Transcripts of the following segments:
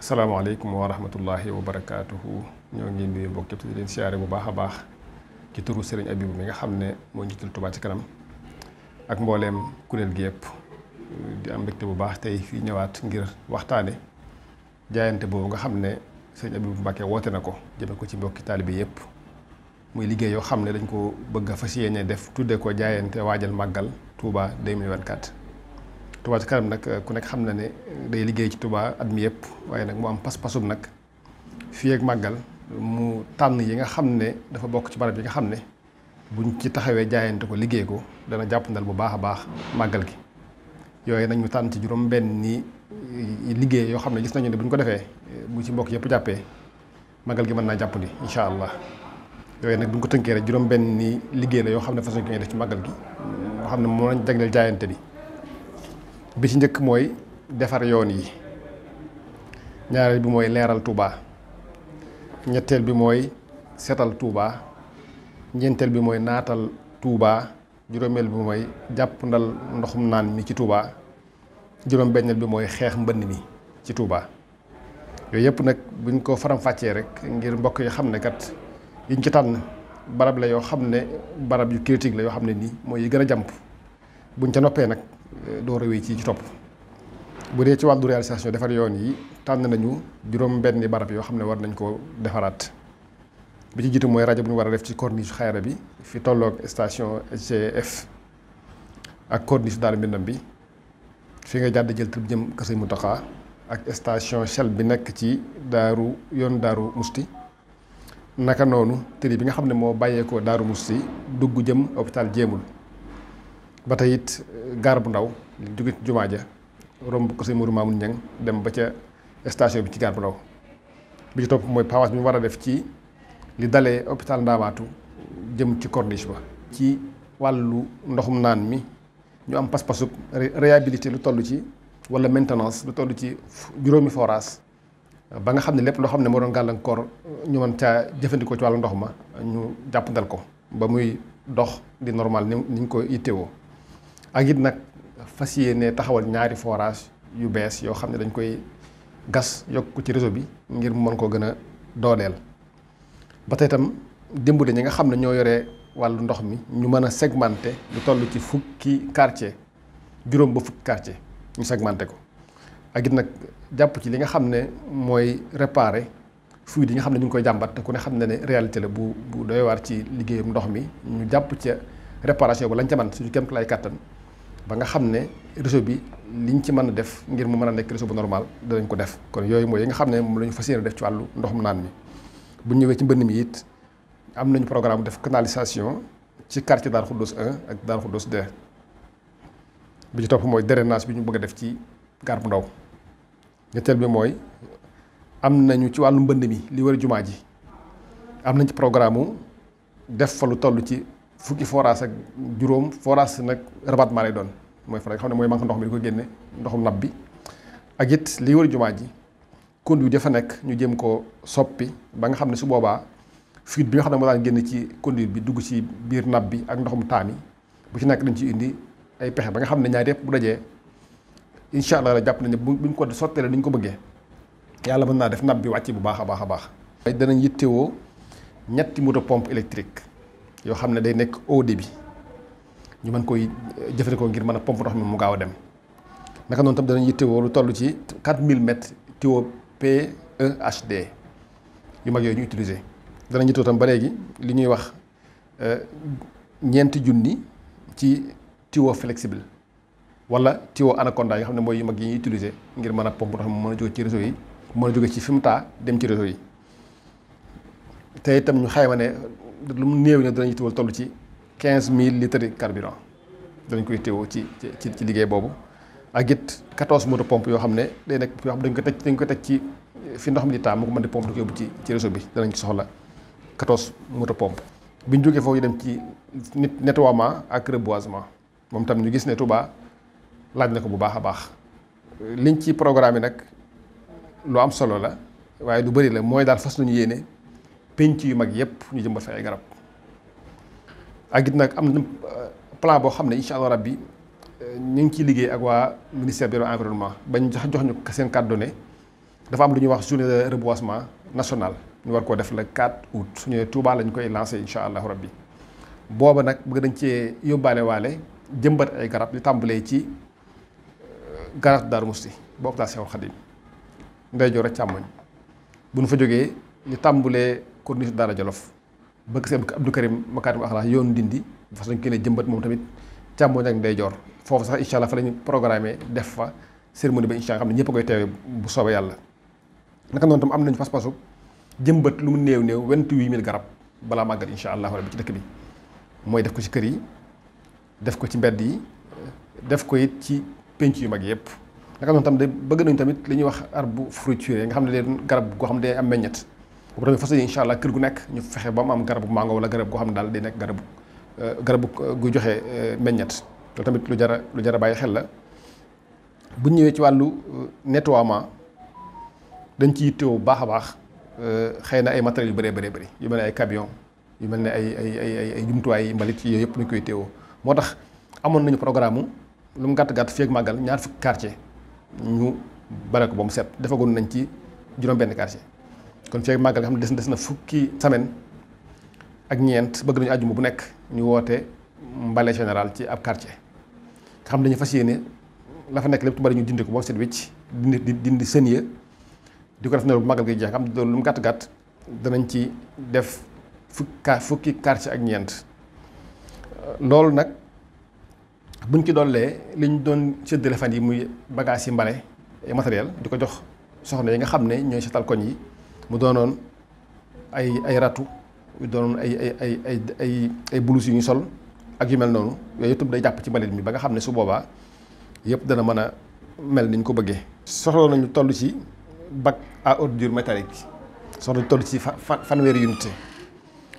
asalaamaaleykum wa rahmatullahi wa barakaatuhu ñoo ngi mbokk yëpp di leen siyaare bu baax a baax ci turu Serigne Abibou bi nga xam ne moo njiital Touba ci kanam ak mbooleem kuréel gi yëpp di am mbégte bu baax tey fii ñëwaat ngir waxtaane jaayante boobu nga xam ne Serigne Abibou Mbacké woote na ko jëme ko ci mbokki taalibe yëpp muy liggéey yoo xam ne dañ ko bëgg a fas yéene def tuddee ko jaayante waajal màggal Touba 2024 Touba Ca Kanam nag eh, ku nekk xam na ne day liggéey ci tubaa at mi yëpp waaye nag mu am pas-pasum nag fii ak màggal mu tànn yi nga xam ne dafa bokk ci barab yi nga xam ne buñ ci taxawee jaayante ko liggéey ko dana jàppandal bu baax a baax màggal gi yooyu nag ñu tànn ci juróom benn ni eh, liggéey yoo xam ne gis nañu ne buñ ko defee eh, bu ci mbokk yëpp jàppee màggal gi mën naa jàppandi incha allah yooyu nag buñ ko tënkee rek juróom benn ni liggéey la yoo xam ne façon ko ñuy def ci màggal gi moo mm, xam ne moo nañ jagleel jaayante bi bi ci njëkk mooy defar yoon yi ñaareel bi mooy leeral Touba ñetteel bi mooy setal tuuba ñeenteel bi mooy naatal tuuba juróomeel bi mooy jàpp ndal ndoxum naan mi ci Touba juróom benneel bi mooy xeex mbënn mi ci Touba yooyu yëpp nag buñ ko faram-fàccee rek ngir mbokk yi xam ne kat yiñ ci tànn barab la yoo xam ne barab yu critique la yoo xam ne nii mooy yi gën a jàmp buñ ca noppee nag door a wéy ci ci topp bu dee ci wàllu réalisation defar yoon yi tànn nañu juróom benni barab yoo xam ne war nañ ko defaraat bi ci jiitu mooy rajo bu ñu war a def ci corniche xayra bi fi tolloog station SGF ak corniche daal mbindam bi fi nga jàdd jël tëb jëm Kër mu Mountakha ak station Shell bi nekk ci daaru yoon daaru musti naka noonu tëri bi nga xam ne moo bàyyeekoo daaru musti dugg jëm hôpital jéemul ba tey it eh, gaar bu ndaw li jóge jumaa ja romb ko sëñ Mourou Mamoun Niang dem ba ca station bi ci gaar bu ndaw bi ci topp mooy pawaas bi mu war a def ci li dalee hôpital Ndaamaatu jëm ci corniche ba ci wàllu ndoxum naan mi ñu am pas-pasub réhabilité lu toll ci wala maintenance lu toll ci juróomi forage ba nga xam ne lépp loo xam ne moo doon gàllankoor ñu mën caa jëfandikoo ci wàllu ndox ma ñu jàppandal ko ba muy dox di normal ni ñu ko yittewoo ak it nag fas ne taxawal ñaari forage yu bees yoo xam ne dañ koy gas yokk ko ci réseau bi ngir mën koo gën a dooleel ba tey itam dimbali ñi nga xam ne ñoo yore wàllu ndox mi ñu mën a segmante lu toll ci fukki quartier juróom ba fukki quartier ñu segmenté ko ak nag jàpp ci li nga xam ne mooy réparé fuite yi nga xam ne ñu ngi koy jàmbat te ku ne xam ne ne réalité la bu bu doy ci liggéeyam ndox mi ñu jàpp ca réparation bu lañ ca man suñu kéem lay kàttan ba nga xam ne réseau bi li ñu ci mën a def ngir mu mën a nekk réseau bu normal danañ ko def kon yooyu mooy yi nga xam ne moom la ñu fas yéene def ci wàllu ndoxum naan mi bu ñëwee ci mbënn mi it am nañu programme def canalisation ci quartier Darou Khoudoss ak Darou Khoudoss 2 mooy drainage bi ñu bëgg a def ci gaar bu bi mooy am nañu ci wàllu mbënd mi li wër jumaa ji nañ ci programme def fa lu toll ci fukki forage ak juróom forage nag rabattement lay doon mooy forage xam ne mooy manque ndox mi di ko génne ndoxum nab bi ak yit li wër jumaa ji conduite dafa nekk ñu jëm ko soppi ba nga xam ne su boobaa fuite bi nga xam ne moo daan génn ci conduite bi dugg ci biir nab bi ak ndoxum taami bu ci nekk dañ ci indi ay pexe ba nga xam ne ñaar yëpp bu dajee incha allah jàpp nañu ne buñ ko sotteelee duñ ko bëggee yàlla mën naa def nab bi wàcce bu baax a baax a baax. danañ yittewoo ñetti moto pompe électrique yoo xam ne day nekk au bi ñu mën koy euh, jëfandikoo ngir mën a pompe ndox mi mu gaaw a dem naka noonu tam danañ yittewoo lu toll ci 4000 mètres tuyau PEHD yu mag yooyu ñu utiliser danañ yittewoo tam ba léegi li ñuy wax euh, ñeenti junni ci tuyau flexible wala tuyau anaconda yoo xam ne mooy yu mag yi ñuy utiliser ngir mën a pompe ndox mi mën a jóge ci réseau yi mën a jóge ci Fimta dem ci réseau yi te itam ñu xayma ne lu mu néew ne danañ teewal toll ci quinze mille litres de carburant danañ koy teewoo ci ci ci liggéey boobu ak it quatorze moto pompe yoo xam ne day nekk yoo xam dañ ko teg ko teg ci fi ndox mi di taa mu ko mën di pompe di ko ci ci réseau bi danañ ci soxla quatorze moto pompe bi ñu jógee foofu yi dem ci nit nettoiement ak reboisement moom tam ñu gis ne Touba laaj na ko bu baax a baax liñ ci programme yi nag lu am solo la waaye lu bëri la mooy daal fas nañu yéene. penc yu mag yëpp ñu jëmbat fa ay garab ak it nag am na euh, plan boo xam ne incha allah rabbi euh, ñu ngi ciy liggéey ak waa ministère de l'environnement bañ jox jox ñu seen kàddu ne dafa am lu ñuy wax journée de reboisement national ñu war koo def la 4 août su ñu Touba lañ koy lancé incha allah rabbi booba nag bëgg dañ cee yóbbaale waale jëmbat ay garab li tàmbalee ci garab Darou Mousty boo ko daal Seexul Xadim ndeyjoor ak càmmoñ bu ñu fa jógee coordinateur daara Jolof bëgg si Abdou Karim Makaarim Axlaax yoonu Ndindi fas nañ kenn jëmbat moom tamit càmmoñ ak ndeyjoor foofu sax incha allah fa la ñu programmé def fa cérémonie ba incha allah xam ne ñëpp koy teewee bu soobee yàlla. naka noonu tam am nañu pas jëmbat lu mu néew néew 28000 garab balaa màggal incha allah rabbi ci dëkk bi mooy def ko ci kër yi def ko ci mbedd yi def ko it ci penc yu mag yëpp. naka noonu tam de bëgg nañu tamit li ñuy wax arbre fruitier nga xam ne leen garab goo xam ne day am meññet. bu ko defee fas yéene gu nekk ñu fexe ba mu am garabu mango wala garab goo xam ne daal day nekk euh, euh, joxe euh, meññet loolu tamit lu jara lu jara bàyyi xel la bu ñëwee ci wàllu nettoiement dañ ci yittewoo baax a baax xëy na ay matériels yu bëree bëree yu mel ay camion yu mel ne ay ay ay ay jumtuwaay mbalit yooyu yëpp ñu koy teewoo moo tax amoon nañu programme lu mu gàtt gàtt fii màggal ñaar fukki quartier ñu bare ko ba mu set defagoon nañ ci juróom-benn quartier. kon feeg màggal nga xam ne des des na fukki semaine ak ñeent bëgg nañu àjjuma bu nekk ñu woote mbale général ci ab quartier nga xam dañu fas yéene la fa nekk lépp bari ñu dindi ko boo set wicc dindi di dindi sën ya di ko def noonu bu màggal gi jeex xam doon lu mu gàtt gàtt danañ ci def fukki fukki ak ñeent loolu nag buñ ci dollee li ñu doon séddale fan yi muy bagage yi mbale matériel di ko jox soxna yi nga xam ne ñooy setal koñ yi mu doonoon ay ay ratu doonoon ay ay ay ay ay ay bulus yu ñu sol ak yu mel noonu yooyu yëpp day jàpp ci mbalit mi ba nga xam ne su boobaa yëpp dana mën a mel ni ñu ko bëggee. soxla nañu toll ci bac a ordure métallique soxla nañu toll ci fanweeri unité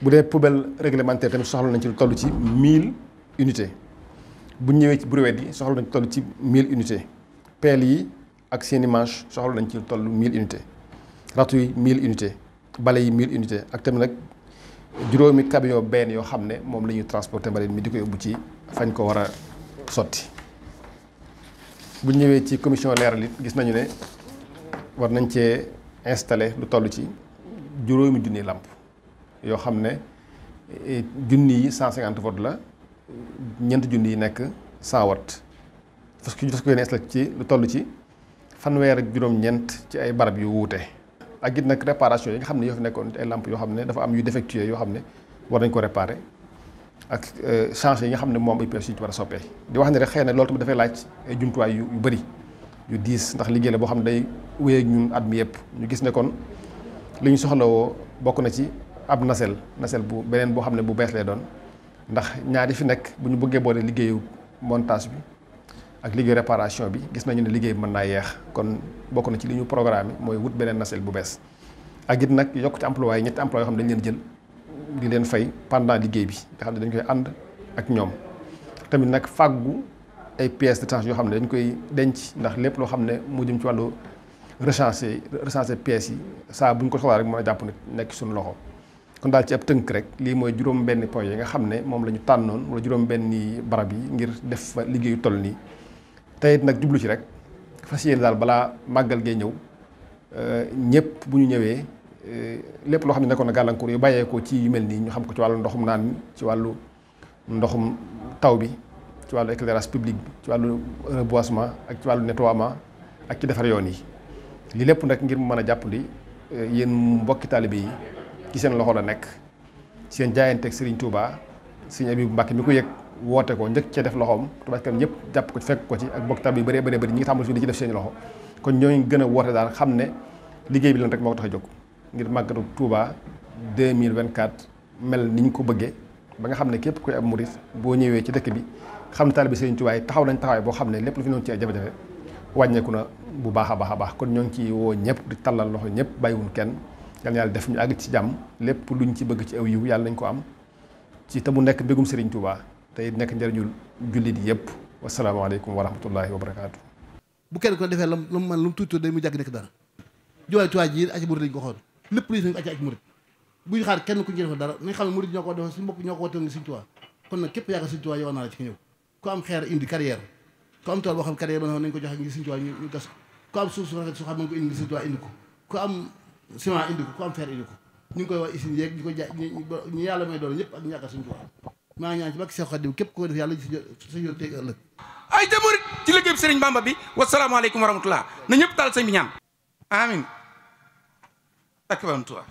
bu dee poubelle réglementaire tamit soxla nañ ci lu toll ci 1000 unité bu ñëwee ci brouette yi soxla nañ toll ci 1000 unité pelle yi ak seeni manche soxla nañ ci lu toll 1000 unité ratu yi mille unité bale yi 1000 unités ak tamit nag juróomi camion benn yoo xam ne moom la ñuy transporter mbalit mi di ko yóbbu ci fañ ko war a sotti bu ñëwee ci commission leeral it gis nañu ne war nañ cee installé lu toll ci juróomi junni làmp yoo xam ne e, junni yi 150 watt la ñeent junni yi nekk 100 watt parce que ñu des ko yéen installé ci lu toll ci fanweer ak juróom-ñeent ci ay barab yu wuute. ak it nag réparation yi nga xam ne yoo fi nekkoon ay lampes yoo xam ne dafa am yu défectueux yoo xam ne war nañ ko réparer ak euh, changé yi nga xam ne moom ay pièces yu ci war a soppee di wax ne rek xëy na loolu tamit dafay laaj ay jumtuwaay yu yu bëri yu diis ndax liggéey la boo xam ne day wéy ak ñun at mi yëpp ñu gis ne kon li ñu soxlawoo bokk na ci ab nasel nasel bu beneen boo xam ne bu bees lay doon ndax ñaar yi fi nekk bu ñu bëggee boolee liggéeyu montage bi ak liggéey réparation bi gis nañu ne liggéey bi mën naa yeex kon bokk na ci li ñu programme mooy wut beneen nasel bu bees ak it nag yokk ci emploi yi ñetti emploi yoo dañ leen jël di leen fay pendant liggéey bi nga xam ne dañ koy ànd ak ñoom tamit nag fàggu ay pièces détachées yoo xam ne dañ koy denc ndax lépp loo xam ne mu jëm ci wàllu recensé recensé pièces yi saa bu ko soxlaa rek mën a jàpp nekk suñu loxo kon daal tënk rek lii mooy juróom benn yi nga xam ne moom la ñu tànnoon wala juróom benn barab yi ngir def fa liggéeyu toll nii teyit nag jublu ci rek fas yéene daal balaa màggal gee ñëw euh, ñëpp bu ñu ñëwee euh, lépp loo xam ne nekkoon na gàllankoor yu bàyyeekoo ci yu mel nii ñu xam ko ci wàllu ndoxum naan ci wàllu ndoxum taw bi ci wàllu éclairage public ci wàllu reboisement ak ci wàllu nettoiement ak ci defar yoon yi li lépp nag ngir mu mën a jàpp jàppandi euh, yéen mbokki taalibe yi ci seen loxo la nekk seen jaayanteeg Serigne Touba Serigne Abibou Mbacke mi ko yëg. woote ko njëkk cee def loxoom Touba Ca Kanam yëpp jàpp ko ci fekk ko ci ak bokk tab yi bëree bëree bëri ñi ngi tàmbali fii di ci def seen loxo kon ñooñu gën a woote daal xam ne liggéey bi rek moo tax a jóg ngir màggatu Touba 2024 mel ni ñu ko bëggee ba nga xam ne képp kuy ab murit boo ñëwee ci dëkk bi xam ne taalibe Sëriñ taxaw nañ taxawaay boo xam ne lépp lu fi noonu ci jafe-jafe wàññeeku na bu baax a baax a baax kon ñoo ngi ci woo ñëpp di tallal loxo ñëpp bàyyiwun kenn yal na def ñu àgg ci jàmm lépp luñ ci bëgg ci aw yiw yàlla nañ ko am ci te mu nekk mbégum Sëriñ Tuubaa tey nekk njëriñu jullit yëpp wasalaamaaleykum wa rahmatullahi wa barakaatu. bu kenn ko defee lam lam man lu mu tuuti day mu jàgg nekk dara juwaay tuwaay ji aci murid lañ ko xool lépp luy suñu aci ak murid buñu xaar ku ñu defal dara nañ xam ne murid ñoo ko defal suñu bopp ñoo ko la ci ñëw ku am xeer indi carrière ku am tool boo xam carrière boo nañ ko joxe ngir suñu tuwaay ñu gas ko ku am suuf su rafet su xam nga ko indi ngir suñu indi ko ku am ciment indi ko ku am fer indi ko ñu ngi koy wax usine yeeg ñu koy jaay ñu yàlla may doon ñëpp ak ñu yaakaar suñu tuwaay maa ñaan ci bakk Seex Xaadim képp ko def yàlla sa yoon teg ëllëg ay jamono ci liggéey bi sëriñ Bamba bi wasalaamaaleykum wa rahmatullah na ñëpp taal sëñ bi ñaan amin ak bam tuwa